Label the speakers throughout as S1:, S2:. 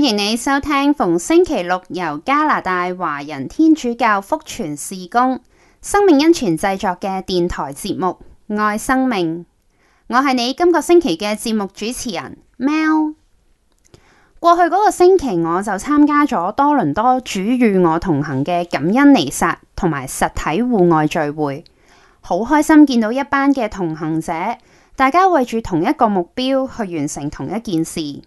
S1: 歡迎你收聽逢星期六由加拿大華人天主教福傳事工生命恩泉製作嘅電台節目《愛生命》，我係你今個星期嘅節目主持人 Mel，過去嗰個星期我就參加咗多倫多主與我同行嘅感恩彌撒同埋實體戶外聚會，好開心見到一班嘅同行者，大家為住同一個目標去完成同一件事。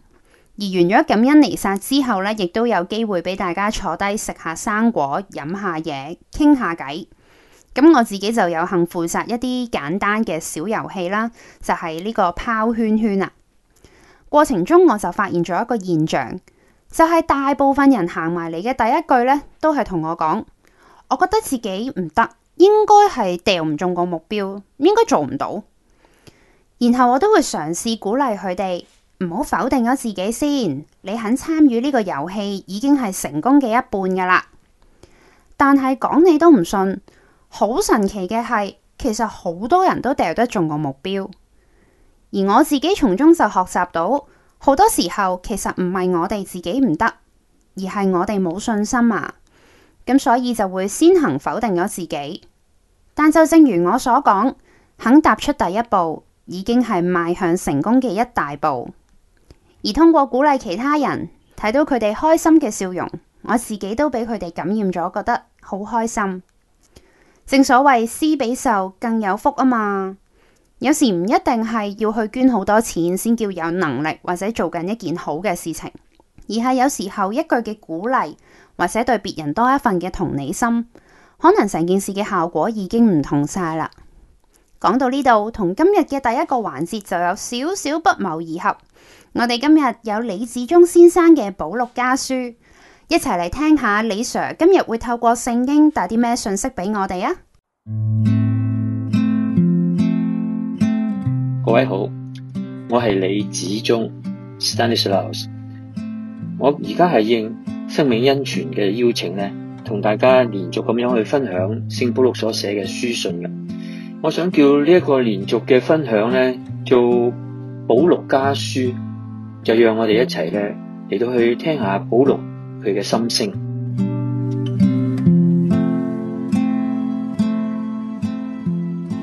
S1: 而完咗感恩彌撒之後咧，亦都有機會俾大家坐低食下生果，飲下嘢，傾下偈。咁我自己就有幸負責一啲簡單嘅小遊戲啦，就係呢個拋圈圈啦。過程中我就發現咗一個現象，就係大部分人行埋嚟嘅第一句咧，都係同我講，我覺得自己唔得，應該係掉唔中個目標，應該做唔到。然後我都會嘗試鼓勵佢哋。唔好否定咗自己先，你肯參與呢個遊戲已經係成功嘅一半㗎喇。但係講你都唔信，好神奇嘅係，其實好多人都掉得中個目標，而我自己從中就學習到，好多時候其實唔係我哋自己唔得，而係我哋冇信心啊。咁所以就會先行否定咗自己。但就正如我所講，肯踏出第一步已經係邁向成功嘅一大步。而通過鼓勵其他人，睇到佢哋開心嘅笑容，我自己都俾佢哋感染咗，覺得好開心。正所謂施比受更有福啊嘛，有時唔一定係要去捐好多錢先叫有能力，或者做緊一件好嘅事情，而係有時候一句嘅鼓勵，或者對別人多一份嘅同理心，可能成件事嘅效果已經唔同晒啦。講到呢度，同今日嘅第一個環節就有少少不謀而合。我哋今日有李子忠先生嘅保祿家書，一齊嚟聽一下李 sir 今日會透過聖經帶啲咩信息俾我哋啊！
S2: 各位好，我係李子忠 Stanislaus，我而家係應生命恩泉嘅邀請咧，同大家連續咁樣去分享聖保祿所寫嘅書信嘅。我想叫呢一個連續嘅分享咧，做保祿家書。就讓我哋一齊來嚟到去聽一下保祿佢嘅心聲。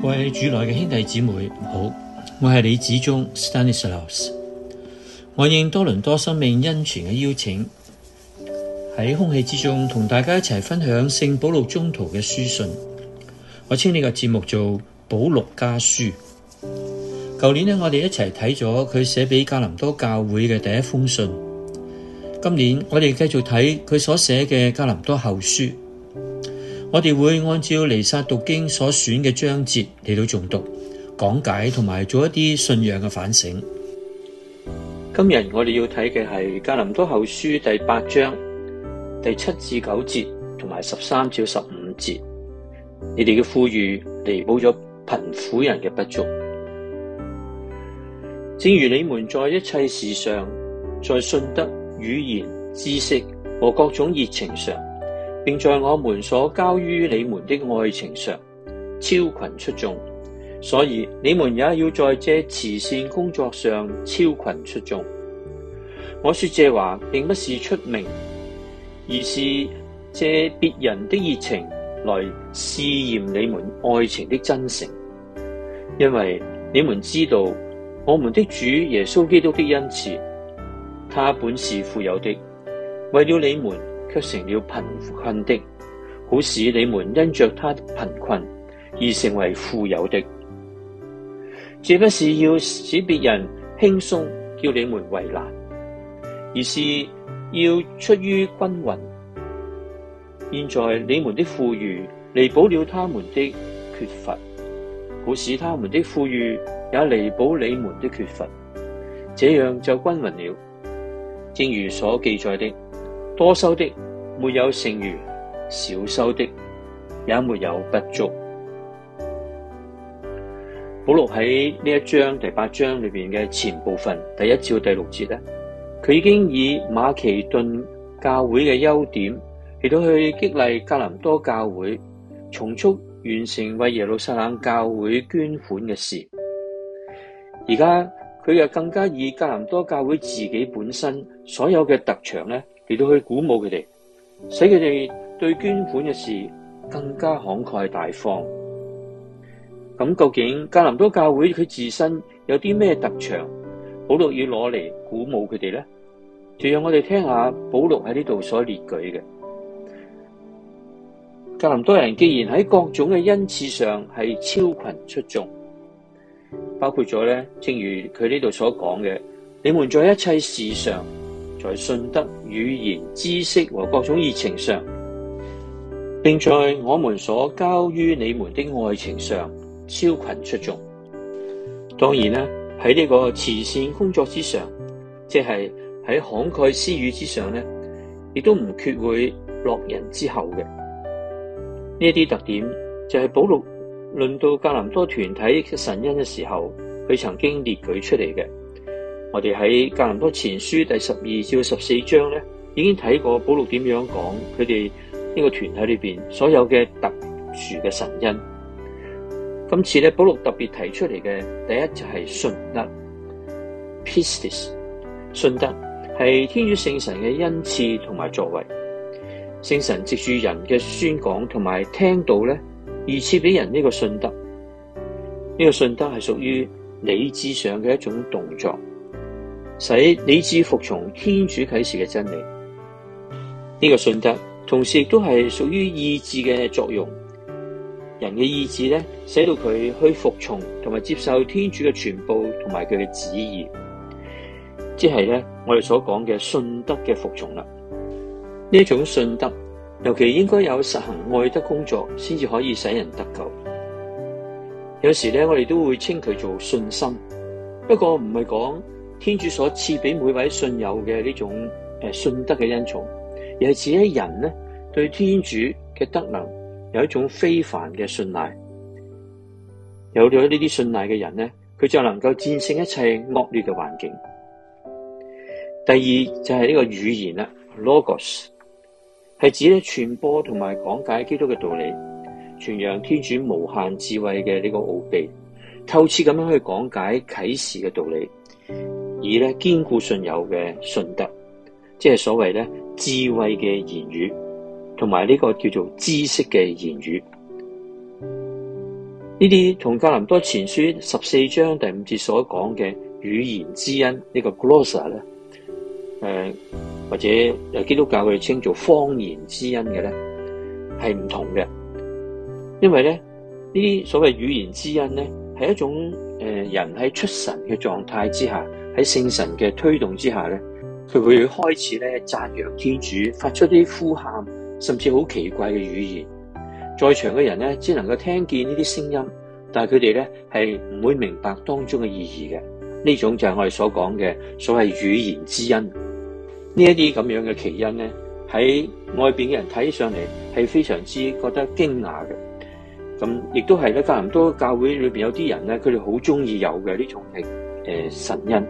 S2: 各位主內嘅兄弟姐妹好，我係李子忠 Stanislaus，我應多倫多生命恩泉嘅邀請，喺空氣之中同大家一齊分享聖保祿中途嘅書信。我稱呢個節目做保祿家書。舊年呢，我哋一齊睇咗佢寫俾加林多教會嘅第一封信。今年我哋繼續睇佢所寫嘅加林多後書，我哋會按照彌撒讀經所選嘅章節嚟到誦讀、講解同埋做一啲信仰嘅反省。今日我哋要睇嘅係加林多後書第八章第七至九節同埋十三至十五節。你哋嘅富裕彌補咗貧苦人嘅不足。正如你們在一切事上，在信德、語言、知識和各種熱情上，並在我們所交於你們的愛情上超群出衆，所以你們也要在這慈善工作上超群出衆。我說這話並不是出名，而是借別人的熱情來試驗你們愛情的真誠，因爲你們知道。我們的主耶穌基督的恩賜，他本是富有的，為了你們卻成了貧困的，好使你們因着他的貧困而成為富有的。這不是要使別人輕鬆，叫你們為難，而是要出於均匀。現在你們的富裕彌補了他們的缺乏，好使他們的富裕。也彌補你們的缺乏，這樣就均匀了。正如所記載的，多收的沒有剩餘，少收的也沒有不足。保羅喺呢一章第八章裏邊嘅前部分第一至第六節咧，佢已經以馬其頓教會嘅優點嚟到去激勵格林多教會，重速完成為耶路撒冷教會捐款嘅事。而家佢又更加以格林多教會自己本身所有嘅特長咧，嚟到去鼓舞佢哋，使佢哋對捐款嘅事更加慷慨大方。咁究竟格林多教會佢自身有啲咩特長，保祿要攞嚟鼓舞佢哋咧？就讓我哋聽下保祿喺呢度所列舉嘅。格林多人既然喺各種嘅恩賜上係超群出眾。包括咗咧，正如佢呢度所講嘅，你們在一切事上，在信德、語言、知識和各種熱情上，並在我們所交於你們的愛情上超群出眾。當然啦，喺呢個慈善工作之上，即係喺慷慨施予之上咧，亦都唔缺會落人之後嘅呢啲特點，就係保祿。輪到格林多團體神恩嘅時候，佢曾經列舉出嚟嘅，我哋喺格林多前書第十二至十四章咧，已經睇過保羅點樣講佢哋呢個團體裏邊所有嘅特殊嘅神恩。今次咧，保羅特別提出嚟嘅第一就係信德 p i s t i is 信德係天主聖神嘅恩賜同埋作為，聖神接住人嘅宣講同埋聽到咧。而賜俾人呢個信德。呢個信德係屬於理智上嘅一種動作，使理智服從天主啟示嘅真理。呢個信德，同時亦都係屬於意志嘅作用。人嘅意志咧，使到佢去服從同埋接受天主嘅全部同埋佢嘅旨意，即係咧，我哋所講嘅信德嘅服從啦。呢一種信德，尤其應該有實行愛德工作，先至可以使人得救。有時咧，我哋都會稱佢做信心，不過唔係講天主所賜俾每位信友嘅呢種信德嘅恩寵，而係自己人咧對天主嘅德能有一種非凡嘅信賴。有咗呢啲信賴嘅人咧，佢就能夠戰勝一切惡劣嘅環境。第二就係呢個語言啦，Logos。Log os。係指咧傳播同埋講解基督嘅道理，傳揚天主無限智慧嘅呢個奧秘，透徹咁樣去講解啟示嘅道理，以咧堅固信友嘅信德，即係所謂咧智慧嘅言語，同埋呢個叫做知識嘅言語，呢啲同格林多前書十四章第五節所講嘅語言之恩，這個 er、呢個 glossa 咧，誒、呃。或者由基督教佢哋稱做方言之恩嘅咧，係唔同嘅，因為咧呢啲所謂語言之恩咧，係一種誒人喺出神嘅狀態之下，喺聖神嘅推動之下咧，佢會開始咧讚揚天主，發出啲呼喊，甚至好奇怪嘅語言，在場嘅人咧只能夠聽見呢啲聲音，但係佢哋咧係唔會明白當中嘅意義嘅，呢種就係我哋所講嘅所謂語言之恩。呢一啲咁樣嘅奇因咧，喺外邊嘅人睇上嚟係非常之覺得驚訝嘅。咁亦都係咧，加林多教會裏邊有啲人咧，佢哋好中意有嘅呢種係誒神恩。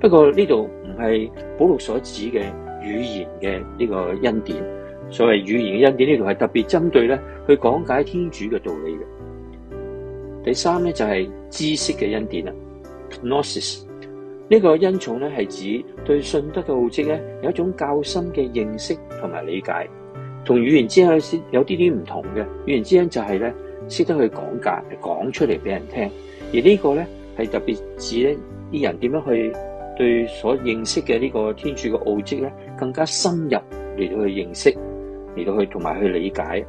S2: 不過呢度唔係保祿所指嘅語言嘅呢個恩典，所謂語言嘅恩典呢度係特別針對咧去講解天主嘅道理嘅。第三咧就係、是、知識嘅恩典啦，gnosis 呢個恩寵咧，係指對信德嘅奧蹟咧，有一種較深嘅認識同埋理解，同語言之間有有啲啲唔同嘅。語言之間就係咧，識得去講解，講出嚟俾人聽。而呢個咧，係特別指咧，啲人點樣去對所認識嘅呢個天主嘅奧蹟咧，更加深入嚟到去認識，嚟到去同埋去理解。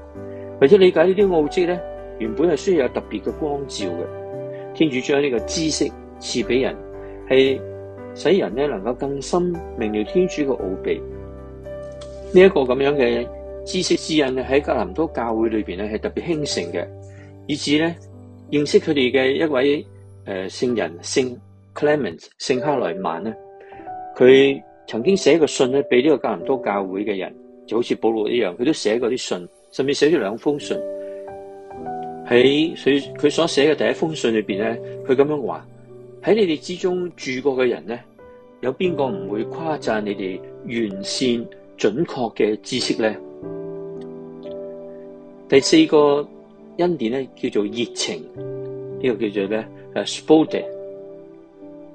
S2: 為咗理解呢啲奧蹟咧，原本係需要有特別嘅光照嘅。天主將呢個知識賜俾人，係。使人咧能夠更深明了天主嘅奧秘，呢、這、一個咁樣嘅知識滋潤咧喺格林多教會裏邊咧係特別興盛嘅，以至咧認識佢哋嘅一位誒聖、呃、人聖 Clement 聖克萊曼咧，佢曾經寫過信咧俾呢個格林多教會嘅人，就好似保羅一樣，佢都寫過啲信，甚至寫咗兩封信。喺佢佢所寫嘅第一封信裏邊咧，佢咁樣話。喺你哋之中住過嘅人咧，有邊個唔會誇讚你哋完善準確嘅知識咧？第四個恩典咧叫做熱情，呢個叫做咧，誒 Spode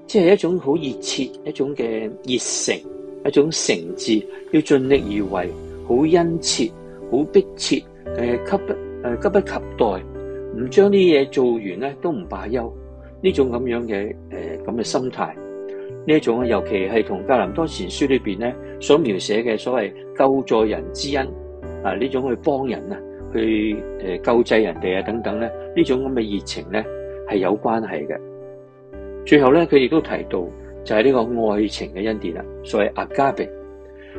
S2: 即係一種好熱切，一種嘅熱誠，一種誠摯，要盡力而為，好殷切，好迫切嘅急誒，急不及待，唔將啲嘢做完咧都唔罷休。呢種咁樣嘅誒咁嘅心態，呢種啊尤其係同《格林多前書》裏邊咧所描寫嘅所謂救助人之恩啊呢種去幫人啊去誒救濟人哋啊等等咧呢種咁嘅熱情咧係有關係嘅。最後咧佢亦都提到就係呢個愛情嘅恩典啦，所謂「阿加比」。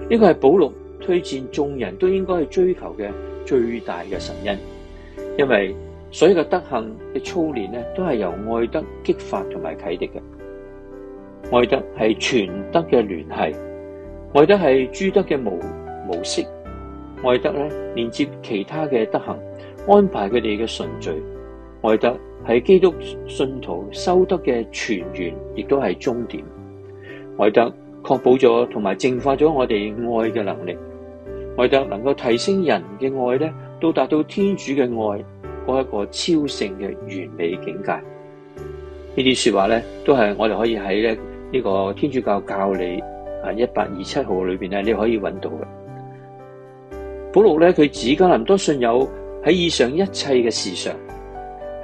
S2: 呢個係保祿推薦眾人都應該去追求嘅最大嘅神恩，因為。所以嘅德行嘅操練咧，都係由愛德激發同埋啟迪嘅。愛德係全德嘅聯繫，愛德係諸德嘅模模式，愛德咧連接其他嘅德行，安排佢哋嘅順序。愛德係基督信徒修德嘅泉源，亦都係終點。愛德確保咗同埋淨化咗我哋愛嘅能力。愛德能夠提升人嘅愛咧，到達到天主嘅愛。嗰一個超性嘅完美境界，呢啲說話咧，都係我哋可以喺咧呢個天主教教理啊一八二七號裏邊咧，你可以揾到嘅。保祿咧，佢指加林多信友喺以上一切嘅事上，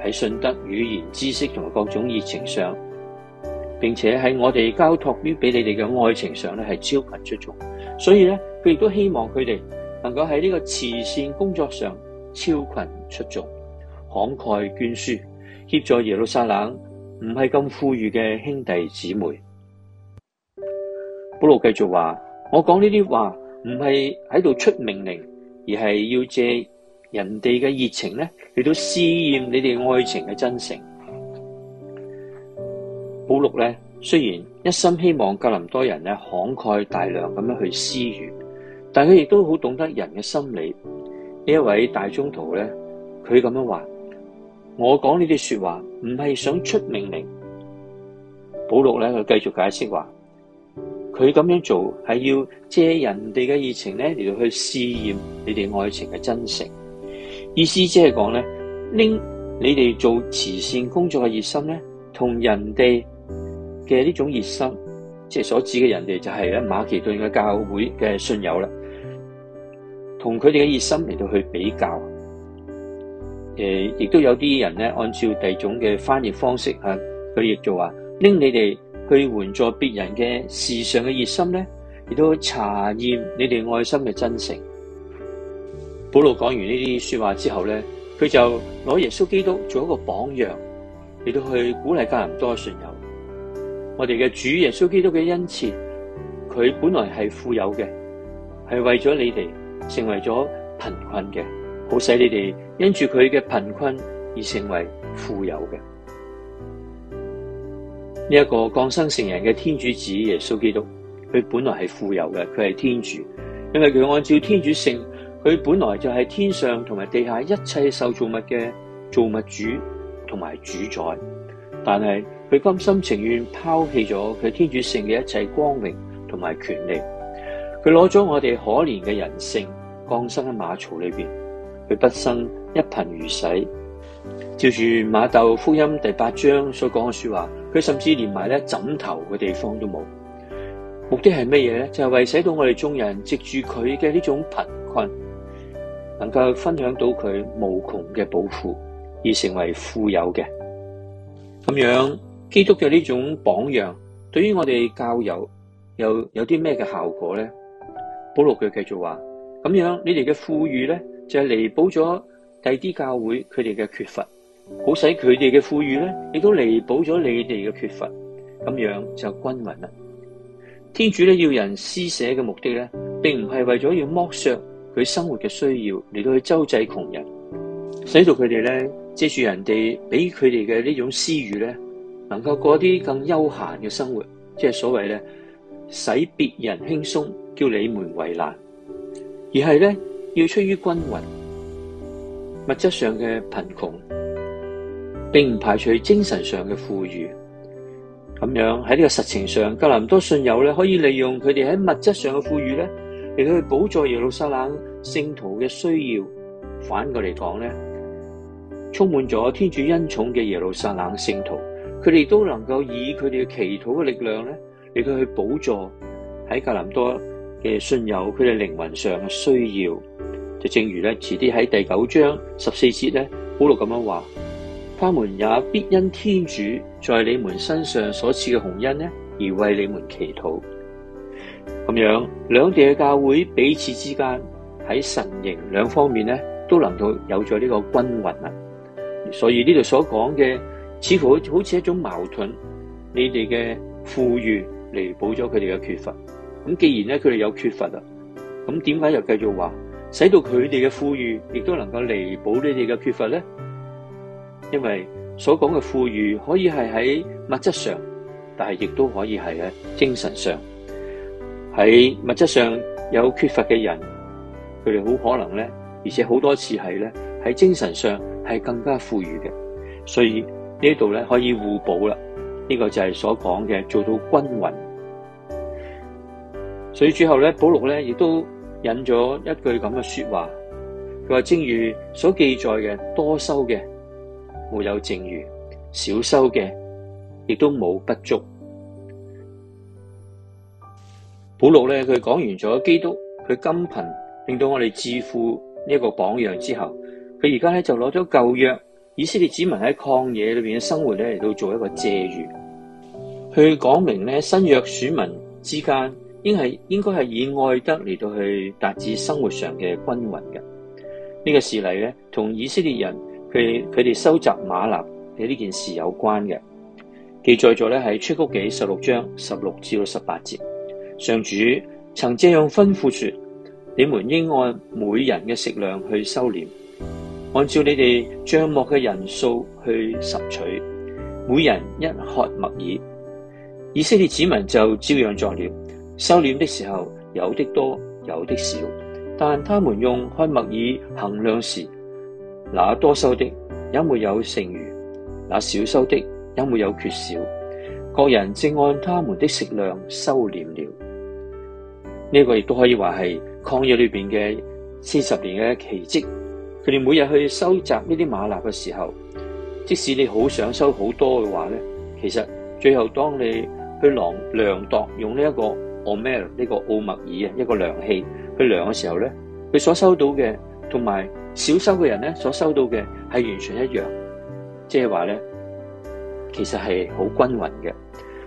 S2: 喺信德、語言、知識同埋各種熱情上，並且喺我哋交託於俾你哋嘅愛情上咧，係超群出眾。所以咧，佢亦都希望佢哋能夠喺呢個慈善工作上超群出眾。慷慨捐書，協助耶路撒冷唔係咁富裕嘅兄弟姊妹。保祿繼續話：我講呢啲話唔係喺度出命令，而係要借人哋嘅熱情咧嚟到試驗你哋愛情嘅真誠。保祿咧雖然一心希望格林多人咧慷慨大量咁樣去施予，但佢亦都好懂得人嘅心理。呢一位大宗徒咧，佢咁樣話。我講呢啲說話唔係想出命令。保祿咧，佢繼續解釋話，佢咁樣做係要借人哋嘅熱情咧，嚟到去試驗你哋愛情嘅真誠。意思即係講咧，拎你哋做慈善工作嘅熱心咧，同人哋嘅呢種熱心，即係所指嘅人哋就係咧馬其頓嘅教會嘅信友啦，同佢哋嘅熱心嚟到去比較。誒，亦都有啲人咧，按照第二種嘅翻譯方式吓，佢亦就話拎你哋去援助別人嘅事上嘅熱心咧，亦都查驗你哋愛心嘅真誠。保羅講完呢啲說話之後咧，佢就攞耶穌基督做一個榜樣，亦都去鼓勵格林多信友。我哋嘅主耶穌基督嘅恩賜，佢本來係富有嘅，係為咗你哋成為咗貧困嘅，好使你哋。因住佢嘅貧困而成為富有嘅呢一個降生成人嘅天主子耶穌基督，佢本來係富有嘅，佢係天主，因為佢按照天主性，佢本來就係天上同埋地下一切受造物嘅造物主同埋主宰，但係佢甘心情願拋棄咗佢天主性嘅一切光榮同埋權利，佢攞咗我哋可憐嘅人性降生喺馬槽裏邊。佢畢生一貧如洗，照住馬竇福音第八章所講嘅說話，佢甚至連埋咧枕頭嘅地方都冇。目的係乜嘢咧？就係、是、為寫到我哋眾人藉住佢嘅呢種貧困，能夠分享到佢無窮嘅寶庫而成為富有嘅。咁樣基督嘅呢種榜樣，對於我哋教友又有啲咩嘅效果咧？保祿佢繼續話：咁樣你哋嘅富裕咧？就係彌補咗第啲教會佢哋嘅缺乏，好使佢哋嘅富裕咧，亦都彌補咗你哋嘅缺乏，咁樣就均匀啦。天主咧要人施捨嘅目的咧，並唔係為咗要剝削佢生活嘅需要嚟，到去周濟窮人，使到佢哋咧借住人哋俾佢哋嘅呢種私慾咧，能夠過啲更悠閒嘅生活，即係所謂咧，使別人輕鬆，叫你們為難，而係咧。要出於均勻，物質上嘅貧窮，並唔排除精神上嘅富裕。咁樣喺呢個實情上，格林多信友咧可以利用佢哋喺物質上嘅富裕咧，嚟到去補助耶路撒冷聖徒嘅需要。反過嚟講咧，充滿咗天主恩寵嘅耶路撒冷聖徒，佢哋亦都能夠以佢哋嘅祈禱嘅力量咧，嚟到去補助喺格林多。嘅信友佢哋靈魂上嘅需要，就正如咧，遲啲喺第九章十四節咧，保祿咁樣話：他們也必因天主在你們身上所賜嘅鴻恩咧，而為你們祈禱。咁樣，兩地嘅教會彼此之間喺神形兩方面咧，都能夠有咗呢個均勻啊。所以呢度所講嘅，似乎好似一種矛盾，你哋嘅富裕彌補咗佢哋嘅缺乏。咁既然咧，佢哋有缺乏啦，咁點解又繼續話，使到佢哋嘅富裕亦都能夠彌補你哋嘅缺乏咧？因為所講嘅富裕可以係喺物質上，但係亦都可以係喺精神上。喺物質上有缺乏嘅人，佢哋好可能咧，而且好多次係咧，喺精神上係更加富裕嘅，所以呢度咧，可以互補啦。呢個就係所講嘅做到均匀。所以最後咧，保禄咧亦都引咗一句咁嘅說話，佢話，正如所記載嘅，多收嘅沒有剩餘，少收嘅亦都冇不足。保禄咧佢講完咗基督佢金貧令到我哋致富呢一個榜樣之後，佢而家咧就攞咗舊約以色列子民喺曠野裏邊嘅生活咧嚟到做一個借喻，去講明咧新約選民之間。應係應該係以愛德嚟到去達至生活上嘅均勻嘅呢、這個事例咧，同以色列人佢佢哋收集馬納嘅呢件事有關嘅記載咗咧喺出谷紀十六章十六至到十八節，上主曾這樣吩咐說：你們應按每人嘅食量去收斂，按照你哋帳幕嘅人數去拾取，每人一喝麥爾。以色列子民就照樣作了。收斂的時候，有的多，有的少，但他們用開麥爾衡量時，那多收的也沒有剩餘，那少收的也沒有缺少。各人正按他們的食量收斂了。呢、這個亦都可以話係曠野裏邊嘅四十年嘅奇蹟。佢哋每日去收集呢啲馬納嘅時候，即使你好想收好多嘅話咧，其實最後當你去量量度用呢、這、一個。奧咩呢個奧默爾啊，一個量器去量嘅時候咧，佢所收到嘅同埋少收嘅人咧所收到嘅係完全一樣，即係話咧，其實係好均勻嘅。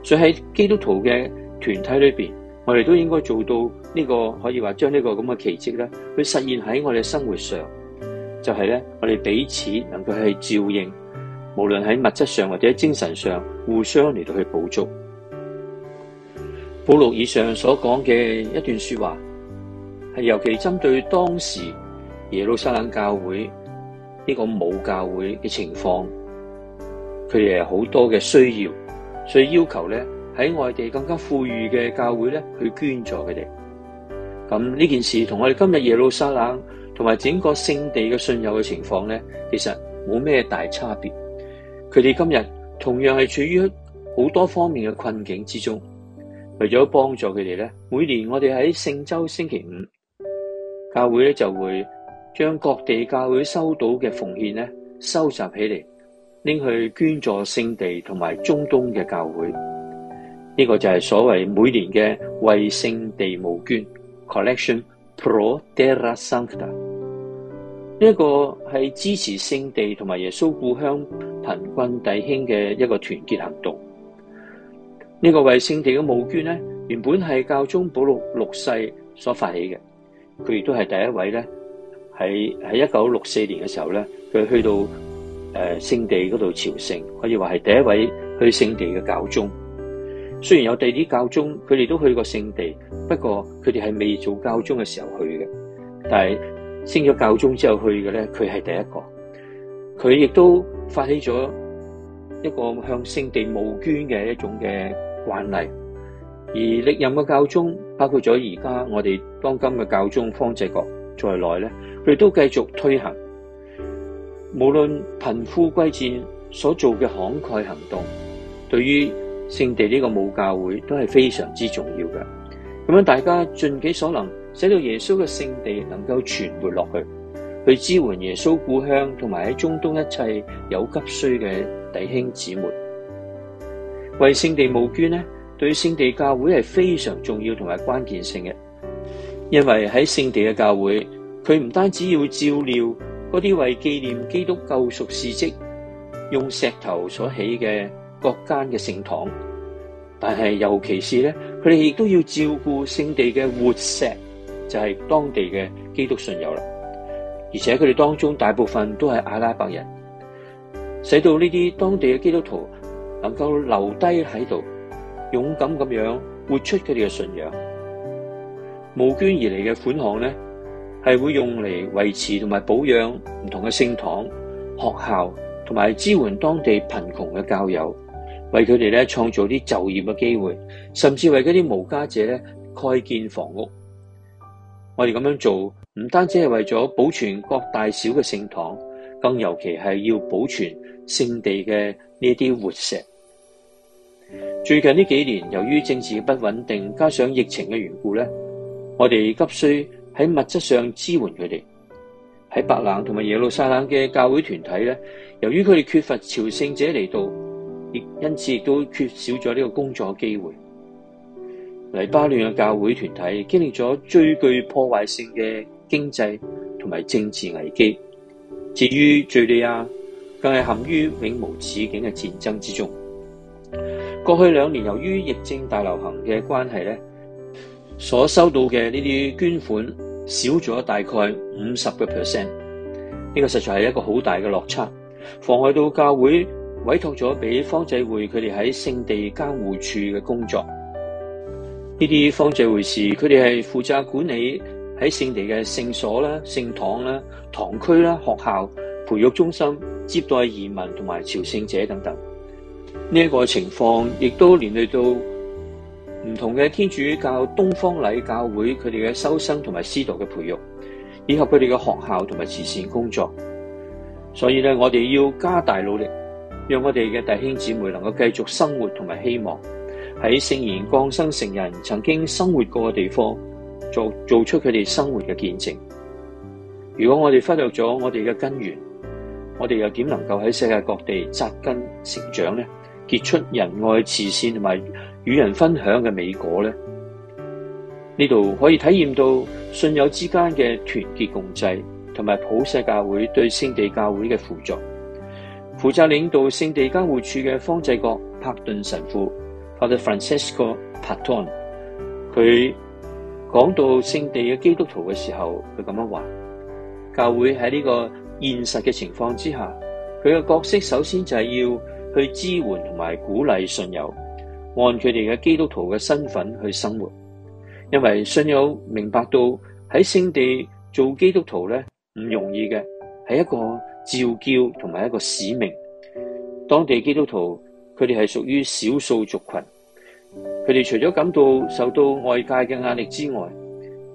S2: 所以喺基督徒嘅團體裏邊，我哋都應該做到呢、這個可以話將呢個咁嘅奇跡咧，去實現喺我哋生活上，就係、是、咧我哋彼此能夠去照應，無論喺物質上或者喺精神上互相嚟到去補足。保祿以上所講嘅一段說話，係尤其針對當時耶路撒冷教會呢、這個母教會嘅情況，佢哋係好多嘅需要，所以要求咧喺外地更加富裕嘅教會咧去捐助佢哋。咁呢件事同我哋今日耶路撒冷同埋整個聖地嘅信友嘅情況咧，其實冇咩大差別。佢哋今日同樣係處於好多方面嘅困境之中。為咗幫助佢哋咧，每年我哋喺聖周星期五教會咧就會將各地教會收到嘅奉獻咧收集起嚟，拎去捐助聖地同埋中東嘅教會。呢、呢個就係所謂每年嘅為聖地募捐 （Collection pro Terra Sancta）。呢、呢個係支持聖地同埋耶穌故鄉貧困弟兄嘅一個團結行動。呢個為聖地嘅募捐咧，原本係教宗保祿六,六世所發起嘅，佢亦都係第一位咧，喺喺一九六四年嘅時候咧，佢去到誒、呃、聖地嗰度朝聖，可以話係第一位去聖地嘅教宗。雖然有第二啲教宗，佢哋都去過聖地，不過佢哋係未做教宗嘅時候去嘅，但係升咗教宗之後去嘅咧，佢係第一個。佢亦都發起咗一個向聖地募捐嘅一種嘅。慣例，而歷任嘅教宗，包括咗而家我哋當今嘅教宗方濟各在內咧，佢哋都繼續推行，無論貧富貴賤所做嘅慷慨行動，對於聖地呢個母教會都係非常之重要嘅。咁樣大家盡己所能，使到耶穌嘅聖地能夠存活落去，去支援耶穌故鄉同埋喺中東一切有急需嘅弟兄姊妹。為聖地募捐咧，對聖地教會係非常重要同埋關鍵性嘅。因為喺聖地嘅教會，佢唔單止要照料嗰啲為紀念基督救贖事蹟用石頭所起嘅各間嘅聖堂，但係尤其是咧，佢哋亦都要照顧聖地嘅活石，就係、是、當地嘅基督信友啦。而且佢哋當中大部分都係阿拉伯人，使到呢啲當地嘅基督徒。能夠留低喺度，勇敢咁樣活出佢哋嘅信仰。募捐而嚟嘅款項咧，係會用嚟維持同埋保養唔同嘅聖堂、學校，同埋支援當地貧窮嘅教友，為佢哋咧創造啲就業嘅機會，甚至為嗰啲無家者咧蓋建房屋。我哋咁樣做，唔單止係為咗保存各大小嘅聖堂，更尤其係要保存聖地嘅呢啲活石。最近呢幾年，由於政治嘅不穩定，加上疫情嘅緣故咧，我哋急需喺物質上支援佢哋。喺白冷同埋耶路撒冷嘅教會團體咧，由於佢哋缺乏朝聖者嚟到，亦因此亦都缺少咗呢個工作嘅機會。黎巴嫩嘅教會團體經歷咗最具破壞性嘅經濟同埋政治危機，至於敘利亞更係陷於永無止境嘅戰爭之中。過去兩年，由於疫症大流行嘅關係咧，所收到嘅呢啲捐款少咗大概五十個 percent，呢個實在係一個好大嘅落差，妨礙到教會委託咗俾方濟會佢哋喺聖地監護處嘅工作。呢啲方濟會士，佢哋係負責管理喺聖地嘅聖所啦、聖堂啦、堂區啦、學校、培育中心、接待移民同埋朝聖者等等。呢一個情況亦都連累到唔同嘅天主教東方禮教會佢哋嘅修生同埋司鐸嘅培育，以及佢哋嘅學校同埋慈善工作。所以咧，我哋要加大努力，讓我哋嘅弟兄姊妹能夠繼續生活同埋希望，喺聖言降生成人曾經生活過嘅地方，做做出佢哋生活嘅見證。如果我哋忽略咗我哋嘅根源，我哋又點能夠喺世界各地紮根成長咧？結出仁愛、慈善同埋與人分享嘅美果咧，呢度可以體驗到信友之間嘅團結共濟，同埋普世教會對聖地教會嘅輔助。負責領導聖地教會處嘅方制各帕頓神父法德 f r a n c i s c o Patton） 佢講到聖地嘅基督徒嘅時候，佢咁樣話：教會喺呢個現實嘅情況之下，佢嘅角色首先就係要，去支援同埋鼓勵信友，按佢哋嘅基督徒嘅身份去生活，因為信友明白到喺聖地做基督徒咧，唔容易嘅，係一個召叫同埋一個使命。當地基督徒佢哋係屬於少數族群，佢哋除咗感到受到外界嘅壓力之外，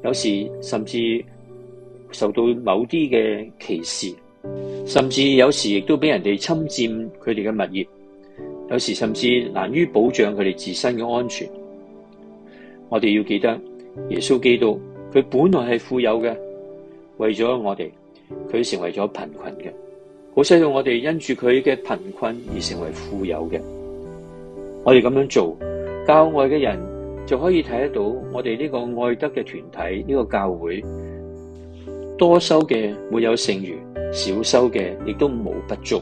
S2: 有時甚至受到某啲嘅歧視。甚至有時亦都俾人哋侵佔佢哋嘅物業，有時甚至難於保障佢哋自身嘅安全。我哋要記得，耶穌基督佢本來係富有嘅，為咗我哋，佢成為咗貧困嘅，好需要我哋因住佢嘅貧困而成為富有嘅。我哋咁樣做，教外嘅人就可以睇得到我哋呢個愛德嘅團體，呢個教會。多收嘅沒有剩餘，少收嘅亦都冇不足，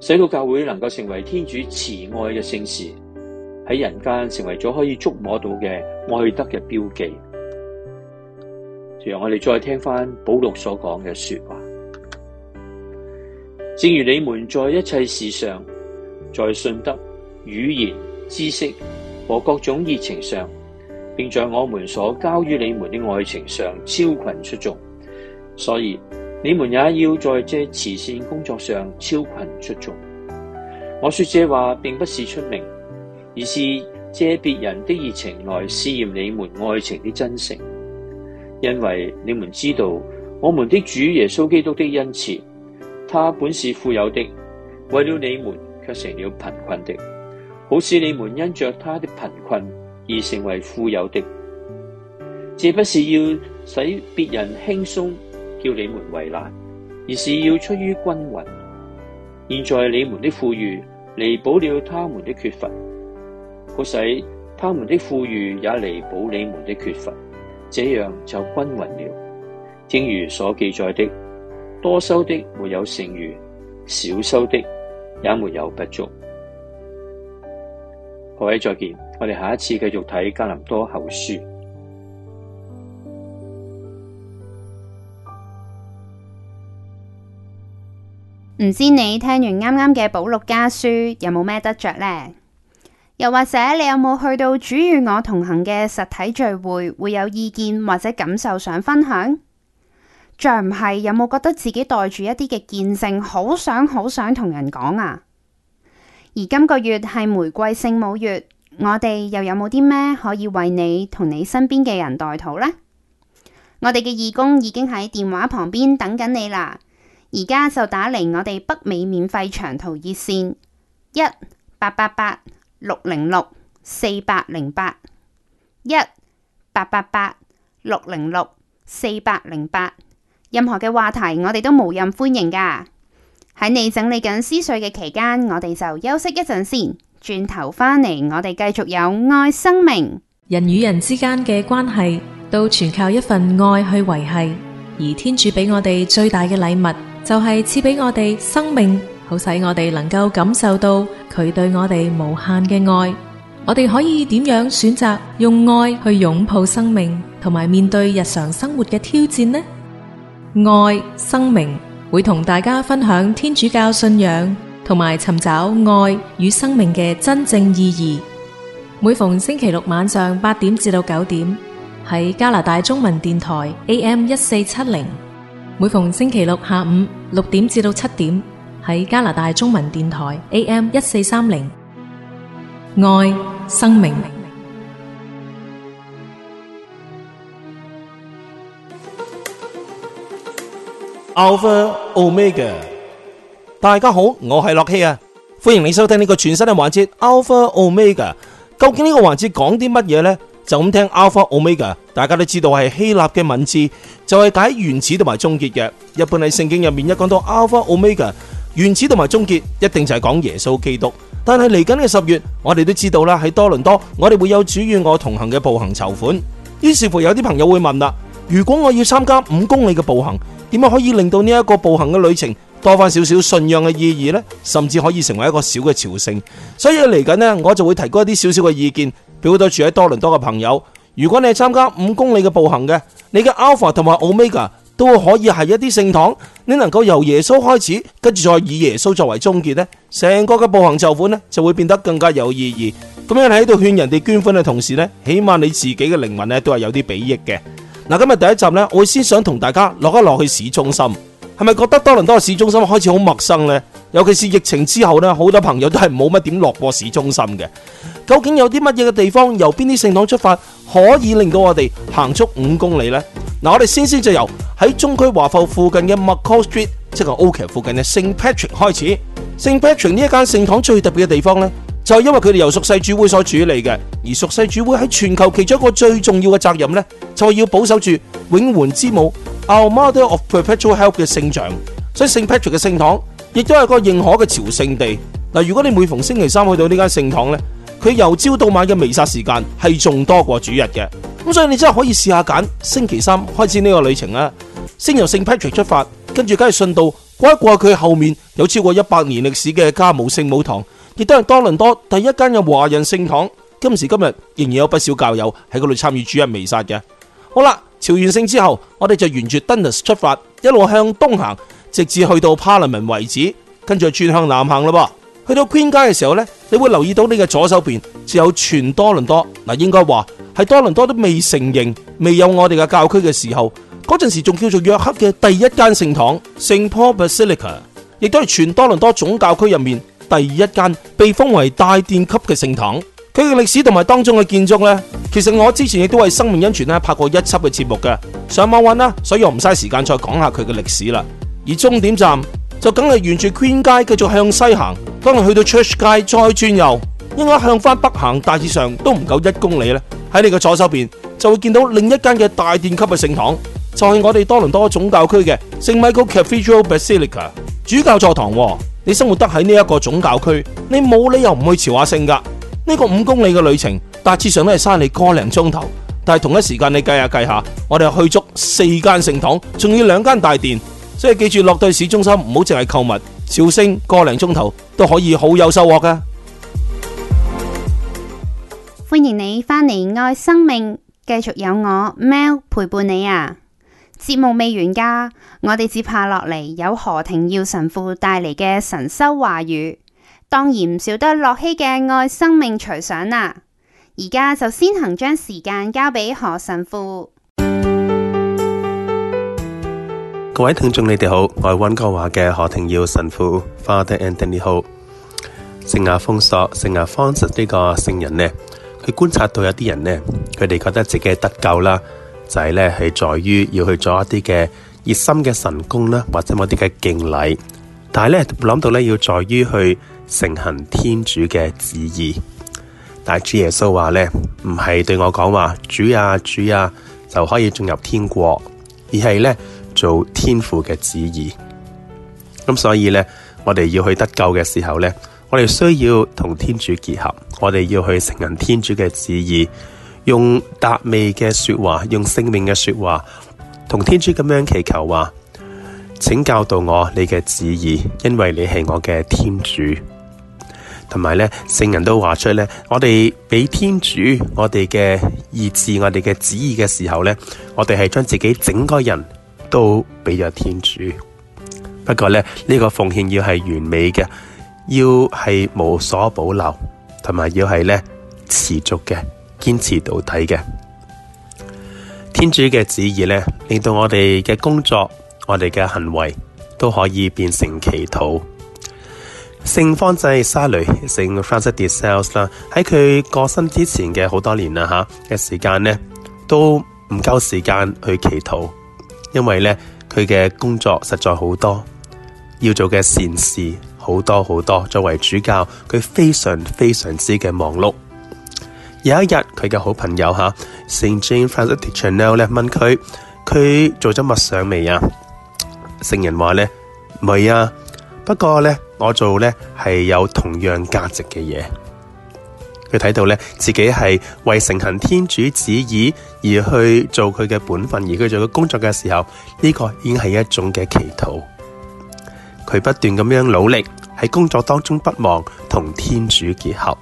S2: 使到教會能夠成為天主慈愛嘅聖事，喺人間成為咗可以觸摸到嘅愛德嘅標記。就讓我哋再聽翻保祿所講嘅說話，正如你們在一切事上，在信德、語言、知識和各種熱情上，並在我們所交於你們的愛情上超群出眾。所以你們也要在這慈善工作上超群出眾。我說這話並不是出名，而是借別人的熱情來試驗你們愛情的真誠。因為你們知道我們的主耶穌基督的恩賜，他本是富有的，為了你們却成了貧困的。好使你們因着他的貧困而成為富有的。這不是要使別人輕鬆。叫你們為難，而是要出於均勻。現在你們的富裕彌補了他們的缺乏，好使他們的富裕也彌補你們的缺乏，這樣就均勻了。正如所記載的，多收的沒有剩餘，少收的也沒有不足。各位再見，我哋下一次繼續睇加林多後書。
S1: 唔知你聽完啱啱嘅《保祿家書》有冇咩得着呢？又或者你有冇去到主與我同行嘅實體聚會，會有意見或者感受想分享？再唔係，有冇覺得自己帶住一啲嘅見證，好想好想同人講啊？而今個月係玫瑰聖母月，我哋又有冇啲咩可以為你同你身邊嘅人代禱呢？我哋嘅義工已經喺電話旁邊等緊你啦。而家就打嚟我哋北美免費長途熱線一八八八六零六四八零八一八八八六零六四八零八。8, 8, 任何嘅話題，我哋都無任歡迎噶。喺你整理緊思緒嘅期間，我哋就休息一陣先。轉頭返嚟，我哋繼續有愛生命。人與人之間嘅關係，都全靠一份愛去維
S3: 繫。而天主俾我哋最大嘅禮物。就係賜俾我哋生命，好使我哋能夠感受到佢對我哋無限嘅愛。我哋可以點樣選擇用愛去擁抱生命，同埋面對日常生活嘅挑戰呢？愛生命會同大家分享天主教信仰，同埋尋找愛與生命嘅真正意義。每逢星期六晚上八點至到九點，喺加拿大中文電台 AM 一四七零。每逢星期六下午六點至到七點，喺加拿大中文電台 AM 一四三零，愛生命。
S4: Alpha Omega，大家好，我係樂希啊，歡迎你收聽呢個全新嘅環節 Alpha Omega。究竟呢個環節講啲乜嘢呢？就咁聽 Alpha Omega，大家都知道係希臘嘅文字，就係、是、解原始同埋終結嘅。日本喺聖經入面，一講到 Alpha Omega，原始同埋終結，一定就係講耶穌基督。但係嚟緊嘅十月，我哋都知道啦，喺多倫多，我哋會有主與我同行嘅步行籌款。於是乎，有啲朋友會問啦：如果我要參加五公里嘅步行，點樣可以令到呢一個步行嘅旅程多返少少信仰嘅意義呢？甚至可以成為一個小嘅朝聖。所以嚟緊呢，我就會提供一啲少少嘅意見。表到住喺多倫多嘅朋友，如果你係參加五公里嘅步行嘅，你嘅 Alpha 同埋 Omega 都會可以係一啲聖堂，你能夠由耶穌開始，跟住再以耶穌作為終結呢，成個嘅步行籌款呢就會變得更加有意義。咁樣喺度勸人哋捐款嘅同時呢，起碼你自己嘅靈魂呢都係有啲裨益嘅。嗱，今日第一集呢，我會先想同大家落一落去市中心，係咪覺得多倫多嘅市中心開始好陌生呢？尤其是疫情之後咧，好多朋友都係冇乜點落過市中心嘅。究竟有啲乜嘢嘅地方，由邊啲聖堂出發，可以令到我哋行足五公里呢？嗱，我哋先先就由喺中區華埠附近嘅 McCaul Street，即係 OCAD 附近嘅 Saint Patrick 開始。Saint Patrick 呢一間聖堂最特別嘅地方呢，就係、是、因為佢哋由贖世主會所主理嘅，而贖世主會喺全球其中一個最重要嘅責任呢，就係、是、要保守住永援之母 Our Mother of Perpetual Help 嘅聖像，所以 Saint Patrick 嘅聖堂。亦都係個認可嘅朝聖地嗱，如果你每逢星期三去到呢間聖堂呢，佢由朝到晚嘅彌撒時間係仲多過主日嘅，咁所以你真係可以試下揀星期三開始呢個旅程啦。先由聖 Patrick 出發，跟住梗係順道過一過佢後面有超過一百年歷史嘅加姆聖母堂，亦都係多倫多第一間嘅華人聖堂，今時今日仍然有不少教友喺嗰度參與主日彌撒嘅。好啦，朝完聖之後，我哋就沿住 Dundas 出發，一路向東行。直至去到 Parliament 為止，跟住轉向南行啦。噃去到 Queen 街嘅時候咧，你會留意到呢個左手邊只有全多倫多嗱，應該話係多倫多都未成形、未有我哋嘅教區嘅時候，嗰陣時仲叫做約克嘅第一間聖堂 Saint Paul Basilica，亦都係全多倫多總教區入面第一間被封為大殿級嘅聖堂。佢嘅歷史同埋當中嘅建築咧，其實我之前亦都為生命恩泉咧拍過一輯嘅節目嘅，上網搵啦，所以我唔嘥時間再講下佢嘅歷史啦。而終點站就梗係沿住 Queen 街繼續向西行，當你去到 Church 街再轉右，應該向翻北行，大致上都唔夠一公里咧。喺你嘅左手邊就會見到另一間嘅大殿級嘅聖堂，就係、是、我哋多倫多總教區嘅聖米高 Cathedral Basilica 主教座堂、哦。你生活得喺呢一個總教區，你冇理由唔去朝下聖噶。呢、這個五公里嘅旅程大致上都係嘥你個零鐘頭，但係同一時間你計下計下，我哋去足四間聖堂，仲要兩間大殿。所以記住，落對市中心，唔好淨係購物，笑聲個零鐘頭都可以好有收穫噶、啊。
S1: 歡迎你返嚟，愛生命繼續有我 Mel 陪伴你啊！節目未完噶，我哋接下落嚟有何廷耀神父帶嚟嘅神修話語，當然唔少得洛希嘅愛生命隨想啊。而家就先行將時間交俾何神父。
S5: 各位聽眾，你哋好，我係温哥華嘅何庭耀神父 Father Anthony Ho。好聖亞豐索、聖亞豐索呢個聖人呢，佢觀察到有啲人呢，佢哋覺得自己得救啦，就係、是、呢係在於要去做一啲嘅熱心嘅神功啦，或者某啲嘅敬禮，但係呢，諗到呢，要在於去承行天主嘅旨意。但係主耶穌話呢，唔係對我講話主啊、主啊就可以進入天國，而係呢。做天父嘅旨意，咁、嗯、所以咧，我哋要去得救嘅時候咧，我哋需要同天主結合，我哋要去承行天主嘅旨意，用達味嘅說話，用性命嘅說話，同天主咁樣祈求話，請教導我你嘅旨意，因為你係我嘅天主。同埋咧，聖人都話出咧，我哋俾天主我哋嘅意志，我哋嘅旨意嘅時候咧，我哋係將自己整個人。都俾咗天主。不過呢呢、呢個奉獻要係完美嘅，要係無所保留，同埋要係咧持續嘅，堅持到底嘅。天主嘅旨意呢，令到我哋嘅工作，我哋嘅行為都可以變成祈禱。聖方濟沙雷聖 Francis de Sales 啦，喺佢過身之前嘅好多年啦，吓嘅時間咧，都唔夠時間去祈禱。因為咧，佢嘅工作實在好多，要做嘅善事好多好多。作為主教，佢非常非常之嘅忙碌。有一日，佢嘅好朋友吓，聖 Jane Frances de Chantal 咧問佢：佢做咗默想未啊？聖人話咧：未啊，不過咧，我做咧係有同樣價值嘅嘢。佢睇到咧，自己係為承行天主旨意而去做佢嘅本分，而佢做佢工作嘅時候，呢個已經係一種嘅祈禱。佢不斷咁樣努力喺工作當中，不忘同天主結合。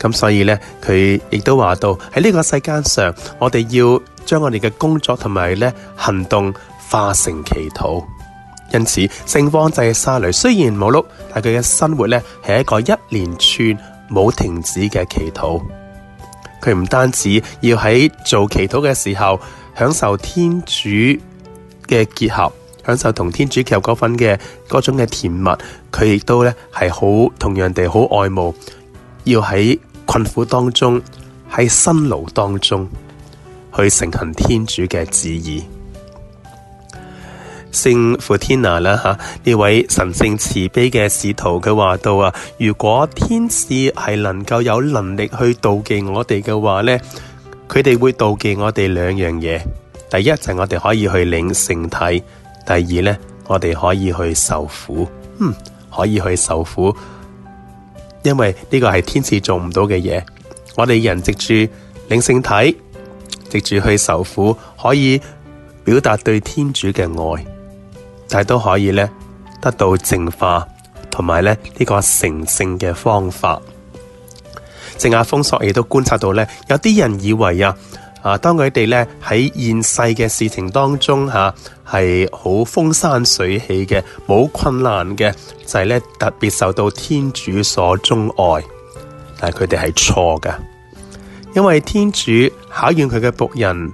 S5: 咁所以咧，佢亦都話到喺呢個世間上，我哋要將我哋嘅工作同埋咧行動化成祈禱。因此，聖方濟嘅沙雷雖然冇碌，但佢嘅生活咧係一個一連串。冇停止嘅祈禱，佢唔單止要喺做祈禱嘅時候享受天主嘅結合，享受同天主結合嗰份嘅嗰種嘅甜蜜，佢亦都咧係好同樣地好愛慕，要喺困苦當中，喺辛勞當中去承行天主嘅旨意。聖傅天娜啦吓，呢位神聖慈悲嘅使徒佢話到啊，如果天使係能夠有能力去妒忌我哋嘅話咧，佢哋會妒忌我哋兩樣嘢。第一就係、是、我哋可以去領聖體，第二咧我哋可以去受苦。嗯，可以去受苦，因為呢個係天使做唔到嘅嘢。我哋人藉住領聖體，藉住去受苦，可以表達對天主嘅愛。就係都可以咧得到淨化，同埋咧呢、這個成聖嘅方法。正阿封索亦都觀察到咧，有啲人以為啊，啊當佢哋咧喺現世嘅事情當中嚇係好風生水起嘅，冇困難嘅就係、是、咧特別受到天主所鍾愛，但係佢哋係錯㗎，因為天主考驗佢嘅僕人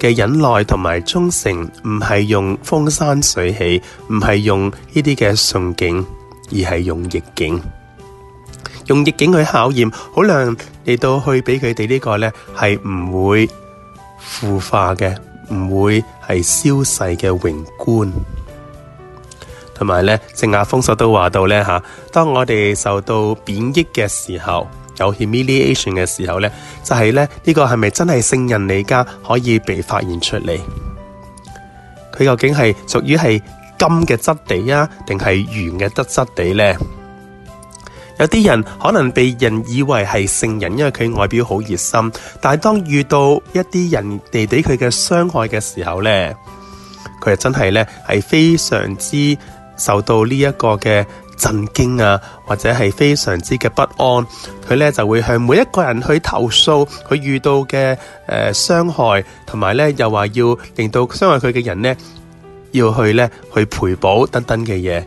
S5: 嘅忍耐同埋忠誠，唔係用風山水起，唔係用呢啲嘅順境，而係用逆境，用逆境去考驗，好能嚟到去俾佢哋呢個咧係唔會腐化嘅，唔會係消逝嘅榮觀。同埋咧，正下風叔都話到咧吓、啊，當我哋受到貶抑嘅時候。有 humiliation 嘅時候呢，就係呢，呢個係咪真係聖人嚟㗎？可以被發現出嚟，佢究竟係屬於係金嘅質地啊，定係圓嘅質質地呢？有啲人可能被人以為係聖人，因為佢外表好熱心，但係當遇到一啲人哋俾佢嘅傷害嘅時候呢，佢又真係呢，係非常之受到呢一個嘅。震驚啊，或者係非常之嘅不安，佢咧就會向每一個人去投訴佢遇到嘅誒傷害，同埋咧又話要令到傷害佢嘅人咧要去咧去賠補等等嘅嘢。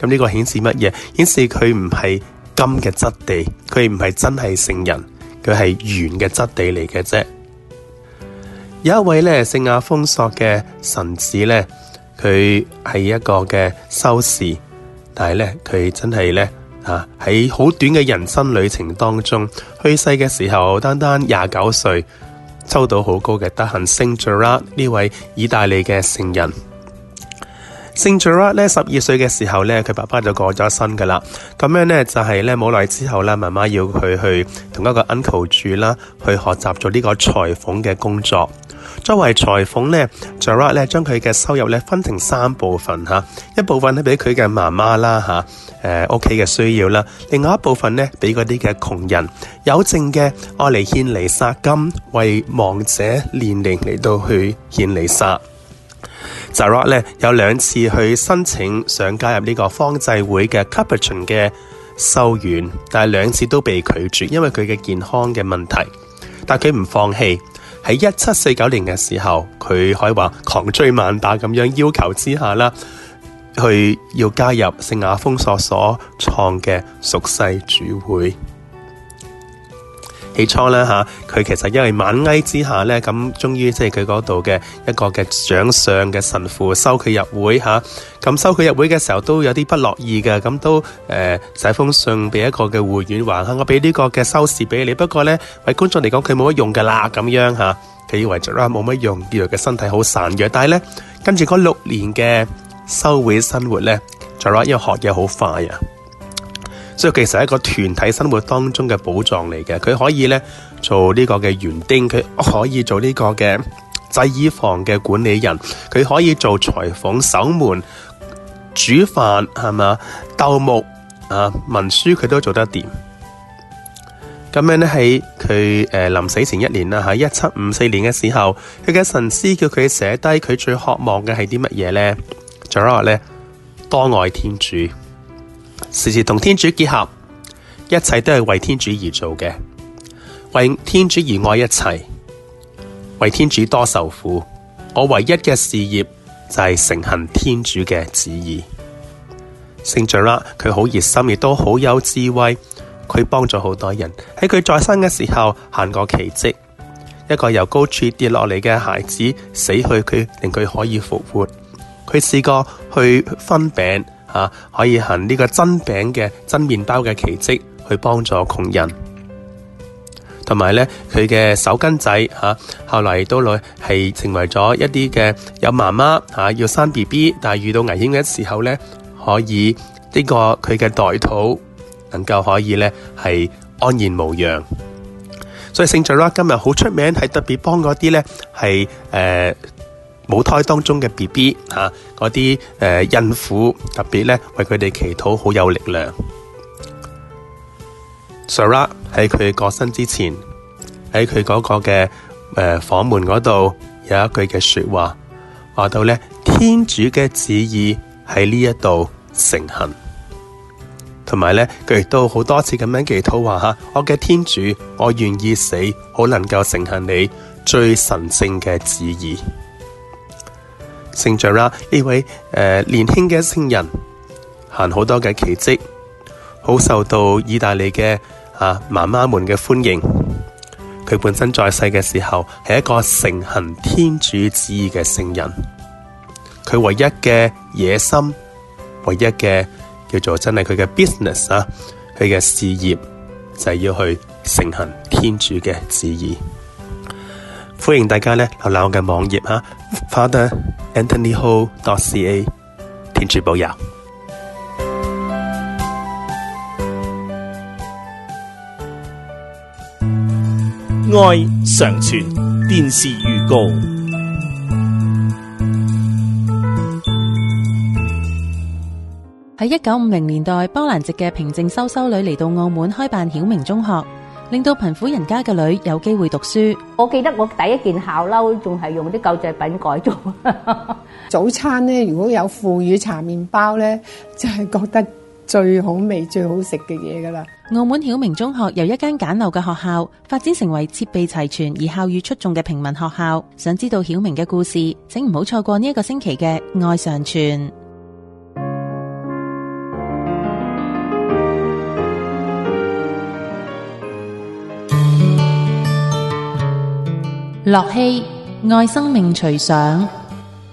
S5: 咁呢個顯示乜嘢？顯示佢唔係金嘅質地，佢唔係真係聖人，佢係圓嘅質地嚟嘅啫。有一位咧聖亞封索嘅神子咧，佢係一個嘅修士。但係咧，佢真係咧啊，喺好短嘅人生旅程當中去世嘅時候，單單廿九歲抽到好高嘅德行。聖 Gerard、er、呢位意大利嘅聖人。聖 Gerard 咧，十二、er、歲嘅時候咧，佢爸爸就過咗身噶啦。咁樣咧就係咧冇耐之後咧，媽媽要佢去同一個 uncle 住啦，去學習做呢個裁縫嘅工作。作為裁縫呢 Zarat 呢將佢嘅收入呢分成三部分，一部分呢畀佢嘅媽媽啦，屋企嘅需要啦，另外一部分呢，畀嗰啲嘅窮人有剩嘅，愛嚟獻彌撒金，為亡者煉靈嚟到去獻彌撒。Zarat 呢有兩次去申請想加入呢個方濟會嘅 Capuchin 嘅修院，但係兩次都被拒絕，因為佢嘅健康嘅問題，但佢唔放棄。喺一七四九年嘅時候，佢可以話狂追猛打咁樣要求之下呢去要加入聖雅峰索所創嘅屬世主會。起初咧嚇，佢其實因為猛埃之下咧，咁終於即係佢嗰度嘅一個嘅長上嘅神父收佢入會嚇，咁收佢入會嘅時候都有啲不樂意嘅，咁都誒寫封信俾一個嘅會員話嚇，我俾呢個嘅修士俾你，不過咧為觀眾嚟講佢冇乜用噶啦，咁樣嚇，佢以為咗啦冇乜用，以為佢身體好孱弱，但係咧跟住嗰六年嘅修會生活咧，就話因為學嘢好快啊。即係其實係一個團體生活當中嘅寶藏嚟嘅，佢可以咧做呢個嘅園丁，佢可以做呢個嘅製衣房嘅管理人，佢可以做裁縫、守門、煮飯，係嘛？鬥木啊，文書佢都做得掂。咁樣咧喺佢誒臨死前一年啦，喺一七五四年嘅時候，佢嘅神師叫佢寫低佢最渴望嘅係啲乜嘢咧？就話咧多愛天主。時時同天主結合，一切都係為天主而做嘅，為天主而愛一切，為天主多受苦。我唯一嘅事業就係成行天主嘅旨意。聖長啦，佢好熱心，亦都好有智慧。佢幫助好多人，喺佢在，在生嘅時候行過奇蹟，一個由高處跌落嚟嘅孩子死去他，佢令佢可以復活。佢試過去分餅。吓、啊，可以行呢個真餅嘅真麵包嘅奇蹟去幫助窮人，同埋咧佢嘅手巾仔吓、啊，後來都來係成為咗一啲嘅有媽媽吓要生 B B，但係遇到危險嘅時候咧，可以呢個佢嘅袋肚能夠可以咧係安然無恙。所以聖序啦，今日好出名，係特別幫嗰啲咧係誒。母胎當中嘅 BB 吓，嗰啲誒孕婦特別咧，為佢哋祈禱好有力量。Sarah 喺佢過身之前，喺佢嗰個嘅誒、呃、房門嗰度有一句嘅說話，話到咧天主嘅旨意喺呢一度成行，同埋咧佢亦都好多次咁樣祈禱，話吓、啊、我嘅天主，我願意死，好能夠成行你最神聖嘅旨意。成長啦，呢位、呃、年輕嘅聖人行好多嘅奇迹，好受到意大利嘅啊媽媽們嘅歡迎。佢本身在世嘅時候係一個誠行天主旨意嘅聖人，佢唯一嘅野心，唯一嘅叫做真係佢嘅 business 啊，佢嘅事業就係、是、要去誠行天主嘅旨意。歡迎大家呢，瀏覽我嘅網頁啊！Father Anthony Ho dot C A 天主保佑
S4: 愛上傳電視預告
S3: 喺一九五零年代，波蘭籍嘅平靜修修女嚟到澳門開辦曉明中學。令到貧苦人家嘅女有機會讀書。我記得我第一件校褸仲係用啲舊製品改造。
S1: 早餐呢，如果有腐乳茶麵包呢，就係覺得最好味、最好食嘅嘢噶啦。
S3: 澳門曉明中學由一間簡陋嘅學校發展成為設備齊全而校譽出眾嘅平民學校。想知道曉明嘅故事，請唔好錯過呢一個星期嘅《愛常傳》。樂熙愛生命隨想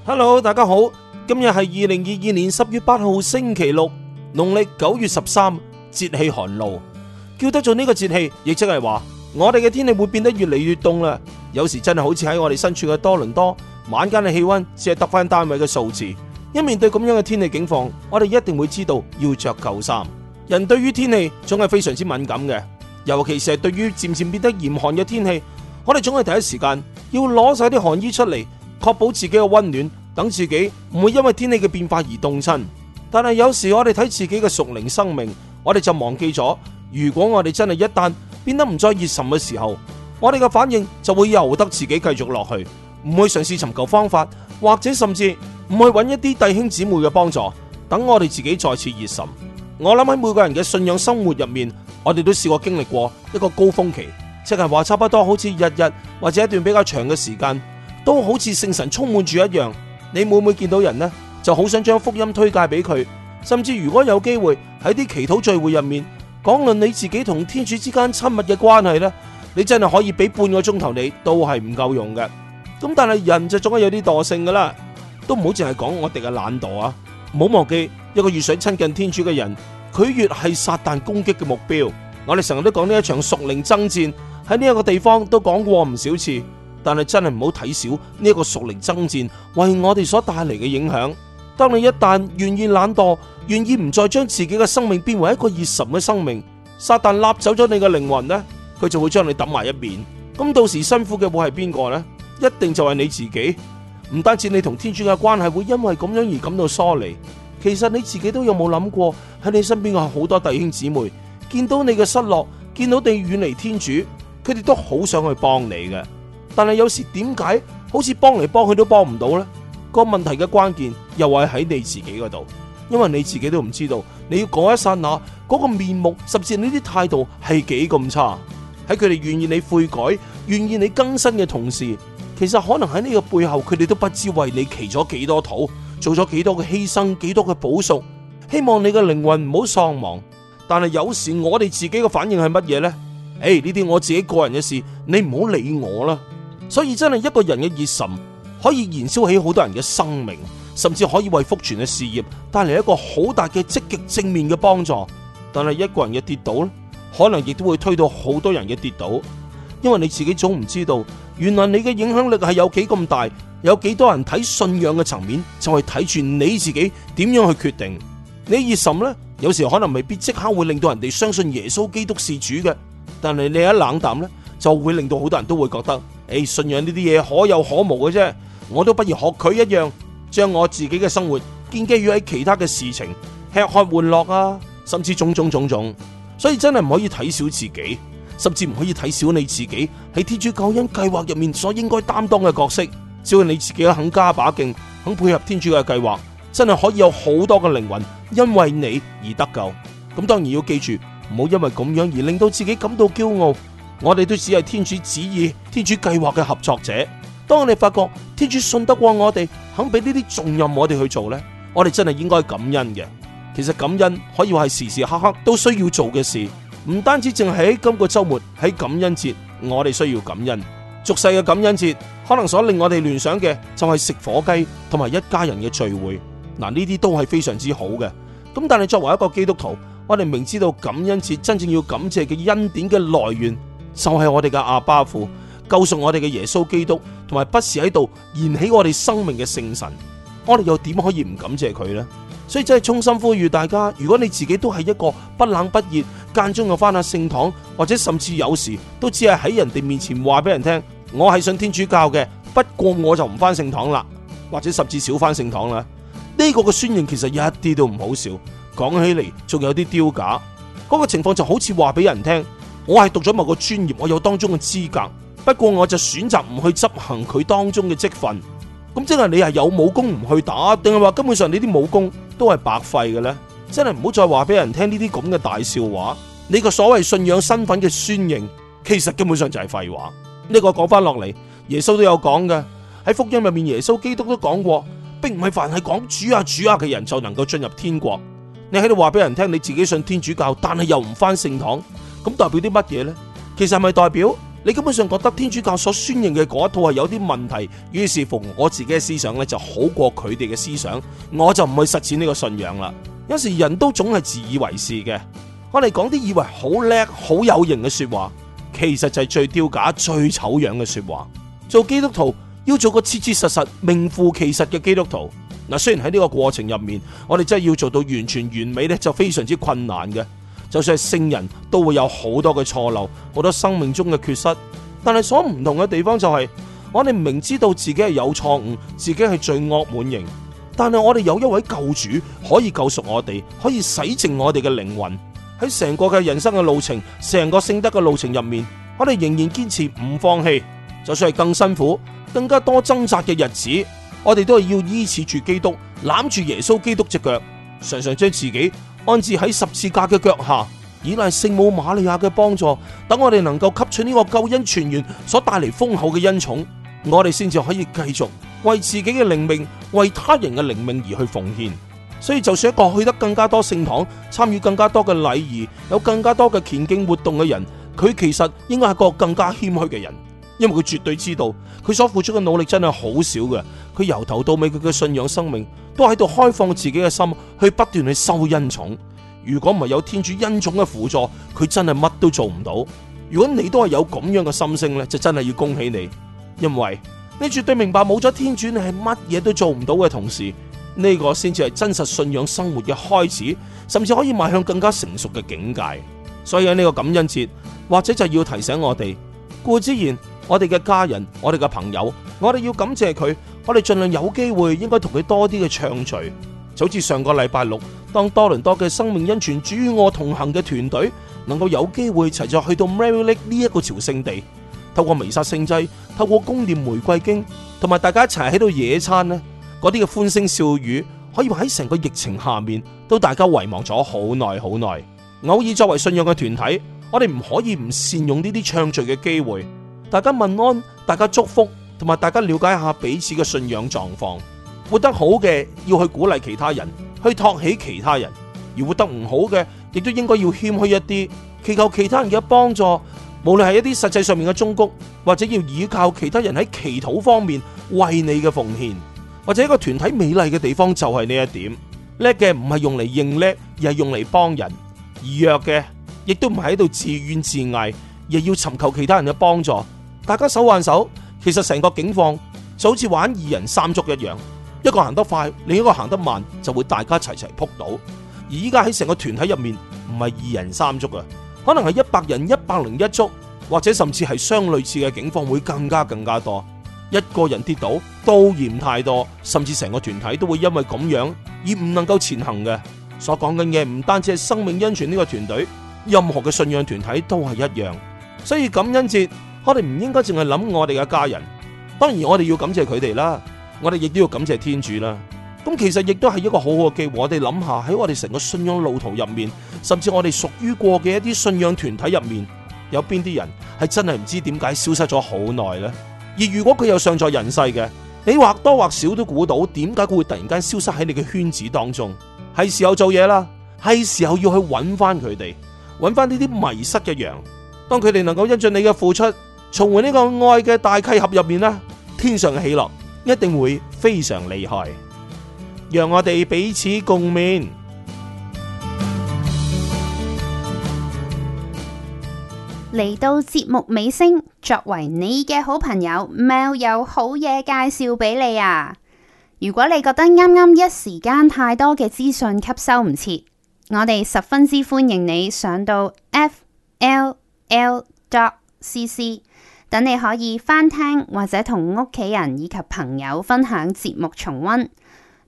S4: ，Hello，大家好，今日係二零二二年十月八號星期六，農曆九月十三，節氣寒露，叫得做呢個節氣，亦即係話，我哋嘅天氣會變得越嚟越凍啦。有時真係好似喺我哋身處嘅多倫多，晚間嘅氣溫只係得翻單位嘅數字。一面對咁樣嘅天氣警況，我哋一定會知道要着舊衫。人對於天氣總係非常之敏感嘅，尤其是係對於漸漸變得嚴寒嘅天氣。我哋總係第一時間要攞晒啲寒衣出嚟，確保自己嘅溫暖，等自己唔會因為天氣嘅變化而凍親。但係有時我哋睇自己嘅屬靈生命，我哋就忘記咗，如果我哋真係一旦變得唔再熱忱嘅時候，我哋嘅反應就會由得自己繼續落去，唔會嘗試尋求方法，或者甚至唔會揾一啲弟兄姊妹嘅幫助，等我哋自己再次熱忱。我諗喺每個人嘅信仰生活入面，我哋都試過經歷過一個高峰期。即係話差不多，好似日日或者一段比較長嘅時間，都好似聖神充滿住一樣。你每每見到人呢，就好想將福音推介俾佢，甚至如果有機會喺啲祈禱聚會入面講論你自己同天主之間親密嘅關係呢，你真係可以俾半個鐘頭你都係唔夠用嘅。咁但係人就總係有啲惰性噶啦，都唔好淨係講我哋嘅懶惰啊！唔好忘記，一個越想親近天主嘅人，佢越係撒旦攻擊嘅目標。我哋成日都講呢一場屬靈爭戰。喺呢一個地方都講過唔少次，但係真係唔好睇小呢一個屬靈爭戰為我哋所帶嚟嘅影響。當你一旦願意懶惰，願意唔再將自己嘅生命變為一個熱神嘅生命，撒旦立走咗你嘅靈魂呢，佢就會將你抌埋一邊。咁到時辛苦嘅會係邊個呢？一定就係你自己。唔單止你同天主嘅關係會因為咁樣而感到疏離，其實你自己都有冇諗過喺你身邊嘅好多弟兄姊妹見到你嘅失落，見到你遠離天主。佢哋都好想去幫你嘅，但係有時點解好似幫嚟幫去都幫唔到呢？個問題嘅關鍵又係喺你自己嗰度，因為你自己都唔知道，你要講嗰一剎那嗰個面目，甚至呢啲態度係幾咁差。喺佢哋願意你悔改、願意你更新嘅同時，其實可能喺呢個背後，佢哋都不知為你祈咗幾多土，做咗幾多嘅犧牲，幾多嘅補贖，希望你嘅靈魂唔好喪亡。但係有時我哋自己嘅反應係乜嘢呢？誒，呢啲、哎、我自己個人嘅事，你唔好理我啦。所以真係一個人嘅熱忱可以燃燒起好多人嘅生命，甚至可以為福傳嘅事業帶嚟一個好大嘅積極正面嘅幫助。但係一個人嘅跌倒，可能亦都會推到好多人嘅跌倒，因為你自己總唔知道，原來你嘅影響力係有幾咁大，有幾多人睇信仰嘅層面就係睇住你自己點樣去決定。你熱忱呢，有時可能未必即刻會令到人哋相信耶穌基督是主嘅。但係你一冷淡呢，就會令到好多人都會覺得，誒，信仰呢啲嘢，可有可無嘅啫，我都不如學佢一樣，將我自己嘅生活建基於喺其他嘅事情，吃喝玩樂啊，甚至種種種種，所以真係唔可以睇小自己，甚至唔可以睇小你自己喺天主救恩計劃入面所應該擔當嘅角色。只要你自己肯加把勁，肯配合天主嘅計劃，真係可以有好多嘅靈魂因為你而得救。咁當然要記住。唔好因為咁樣而令到自己感到驕傲，我哋都只係天主旨意、天主計劃嘅合作者。當我哋發覺天主信得過我哋，肯俾呢啲重任我哋去做呢，我哋真係應該感恩嘅。其實感恩可以話係時時刻刻都需要做嘅事，唔單止淨係喺今個週末喺感恩節，我哋需要感恩。俗世嘅感恩節可能所令我哋聯想嘅就係食火雞同埋一家人嘅聚會，嗱，呢啲都係非常之好嘅。咁但係作為一個基督徒，我哋明知道感恩節真正要感謝嘅恩典嘅來源，就係我哋嘅阿巴父救贖我哋嘅耶穌基督，同埋不時喺度燃起我哋生命嘅聖神。我哋又點可以唔感謝佢呢？所以真係衷心呼籲大家，如果你自己都係一個不冷不熱，間中又翻下聖堂，或者甚至有時都只係喺人哋面前話俾人聽，我係信天主教嘅，不過我就唔翻聖堂啦，或者甚至少翻聖堂啦。呢個嘅宣言，其實一啲都唔好笑。講起嚟仲有啲丟架，嗰個情況就好似話俾人聽，我係讀咗某個專業，我有當中嘅資格，不過我就選擇唔去執行佢當中嘅職分。咁即係你係有武功唔去打，定係話根本上你啲武功都係白費嘅呢？真係唔好再話俾人聽呢啲咁嘅大笑話。你個所謂信仰身份嘅宣認，其實根本上就係廢話。呢個講翻落嚟，耶穌都有講嘅喺福音入面，耶穌基督都講過，並唔係凡係講主啊主啊嘅人就能夠進入天國。你喺度話俾人聽你自己信天主教，但係又唔返聖堂，咁代表啲乜嘢呢？其實係咪代表你根本上覺得天主教所宣揚嘅嗰一套係有啲問題？於是乎，我自己嘅思想咧就好過佢哋嘅思想，我就唔去實踐呢個信仰啦。有時人都總係自以為是嘅，我哋講啲以為好叻、好有型嘅說話，其實就係最丟架、最醜樣嘅說話。做基督徒要做個切切實實、名副其實嘅基督徒。嗱，雖然喺呢個過程入面，我哋真係要做到完全完美咧，就非常之困難嘅。就算係聖人都會有好多嘅錯漏，好多生命中嘅缺失。但係所唔同嘅地方就係、是，我哋明知道自己係有錯誤，自己係罪惡滿盈。但係我哋有一位救主可以救贖我哋，可以洗淨我哋嘅靈魂。喺成個嘅人生嘅路程，成個聖德嘅路程入面，我哋仍然堅持唔放棄。就算係更辛苦、更加多掙扎嘅日子。我哋都係要依恃住基督攬住耶穌基督隻腳，常常將自己安置喺十字架嘅腳下，依賴聖母瑪利亞嘅幫助，等我哋能夠吸取呢個救恩泉源所帶嚟豐厚嘅恩寵，我哋先至可以繼續為自己嘅靈命、為他人嘅靈命而去奉獻。所以，就算一個去得更加多聖堂、參與更加多嘅禮儀、有更加多嘅虔敬活動嘅人，佢其實應該係個更加謙虛嘅人，因為佢絕對知道佢所付出嘅努力真係好少嘅。佢由頭到尾，佢嘅信仰生命都喺度開放自己嘅心，去不斷去收恩寵。如果唔係有天主恩寵嘅輔助，佢真係乜都做唔到。如果你都係有咁樣嘅心聲呢，就真係要恭喜你，因為你絕對明白冇咗天主，你係乜嘢都做唔到嘅。同時呢個先至係真實信仰生活嘅開始，甚至可以邁向更加成熟嘅境界。所以喺呢個感恩節，或者就要提醒我哋，顧之然，我哋嘅家人，我哋嘅朋友，我哋要感謝佢。我哋盡量有機會，應該同佢多啲嘅暢聚。就好似上個禮拜六，當多倫多嘅生命恩泉《主與我同行》嘅團隊，能夠有機會齊咗去到 Mary Lake 呢一個朝聖地，透過彌撒聖祭，透過公念玫瑰經，同埋大家一齊喺度野餐呢嗰啲嘅歡聲笑語，可以話喺成個疫情下面，都大家遺忘咗好耐好耐。偶爾作為信仰嘅團體，我哋唔可以唔善用呢啲暢聚嘅機會，大家問安，大家祝福。同埋，和大家了解一下彼此嘅信仰狀況，活得好嘅要去鼓勵其他人，去托起其他人；而活得唔好嘅，亦都應該要謙虛一啲，祈求其他人嘅幫助。無論係一啲實際上面嘅忠告，或者要依靠其他人喺祈禱方面為你嘅奉獻。或者一個團體美麗嘅地方就係呢一點。叻嘅唔係用嚟認叻，而係用嚟幫人；而弱嘅亦都唔係喺度自怨自艾，而要尋求其他人嘅幫助。大家手挽手。其實成個警方就好似玩二人三足一樣，一個行得快，另一個行得慢，就會大家齊齊撲倒。而依家喺成個團體入面，唔係二人三足啊，可能係一百人一百零一足，或者甚至係相類似嘅警方會更加更加多。一個人跌倒，都嫌太多，甚至成個團體都會因為咁樣而唔能夠前行嘅。所講嘅嘢唔單止係生命恩泉呢個團隊，任何嘅信仰團體都係一樣。所以感恩節。我哋唔應該淨係諗我哋嘅家人，當然我哋要感謝佢哋啦，我哋亦都要感謝天主啦。咁其實亦都係一個好好嘅機會，我哋諗下喺我哋成個信仰路途入面，甚至我哋屬於過嘅一啲信仰團體入面，有邊啲人係真係唔知點解消失咗好耐呢？而如果佢尚在人世嘅，你或多或少都估到點解佢會突然間消失喺你嘅圈子當中，係時候做嘢啦，係時候要去搵翻佢哋，搵翻呢啲迷失嘅羊。當佢哋能夠因准你嘅付出。重回呢個愛嘅大契合入面啦，天上嘅喜樂一定會非常厲害，讓我哋彼此共勉，
S1: 嚟到節目尾聲。作為你嘅好朋友，Mel 有，有好嘢介紹俾你啊！如果你覺得啱啱一時間太多嘅資訊吸收唔切，我哋十分之歡迎你上到 f l l dot c c。等你可以翻聽或者同屋企人以及朋友分享節目重溫。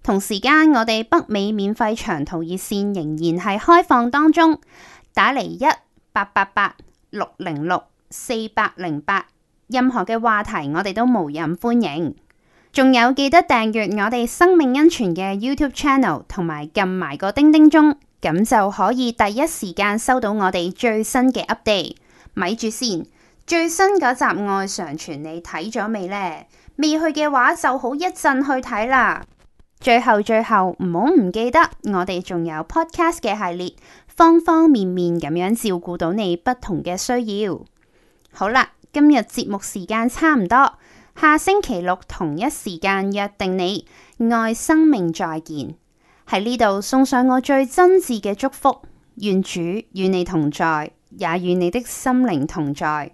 S1: 同時間，我哋北美免費長途熱線仍然係開放當中，打嚟一八八八六零六四八零八。8，任何嘅話題，我哋都無任歡迎。仲有記得訂閱我哋生命恩泉嘅 YouTube Channel，同埋撳埋個叮叮鐘，咁就可以第一時間收到我哋最新嘅 update。咪住先。最新嗰集《愛常傳》你睇咗未呢？未去嘅話就好一陣去睇啦。最後最後，唔好唔記得我哋仲有 podcast 嘅系列，方方面面咁樣照顧到你不同嘅需要。好啦，今日節目時間差唔多，下星期六同一時間約定你。愛生命再見，喺呢度送上我最真摯嘅祝福，願主與你同在，也與你的心靈同在。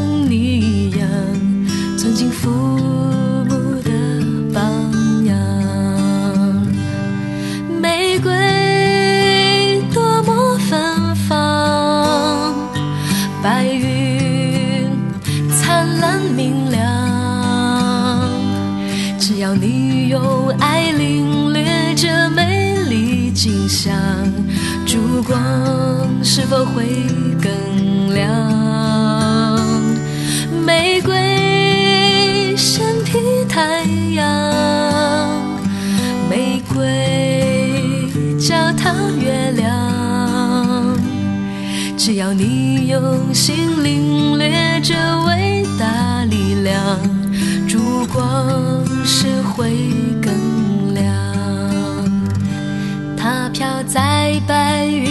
S3: 光是否會更亮？玫瑰身披太陽，玫瑰腳踏月亮。只要你用心領略這偉大力量，燭光是會更亮。它飄在白雲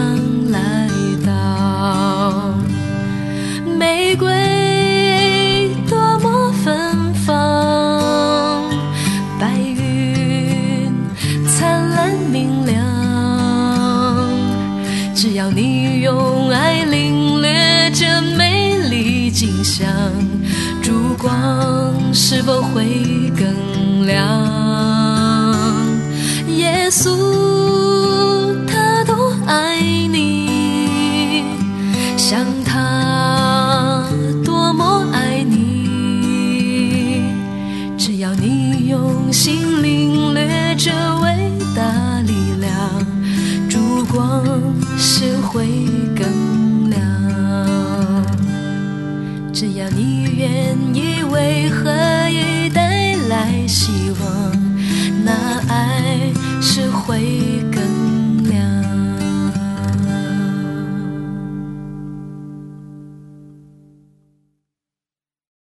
S3: 是否會？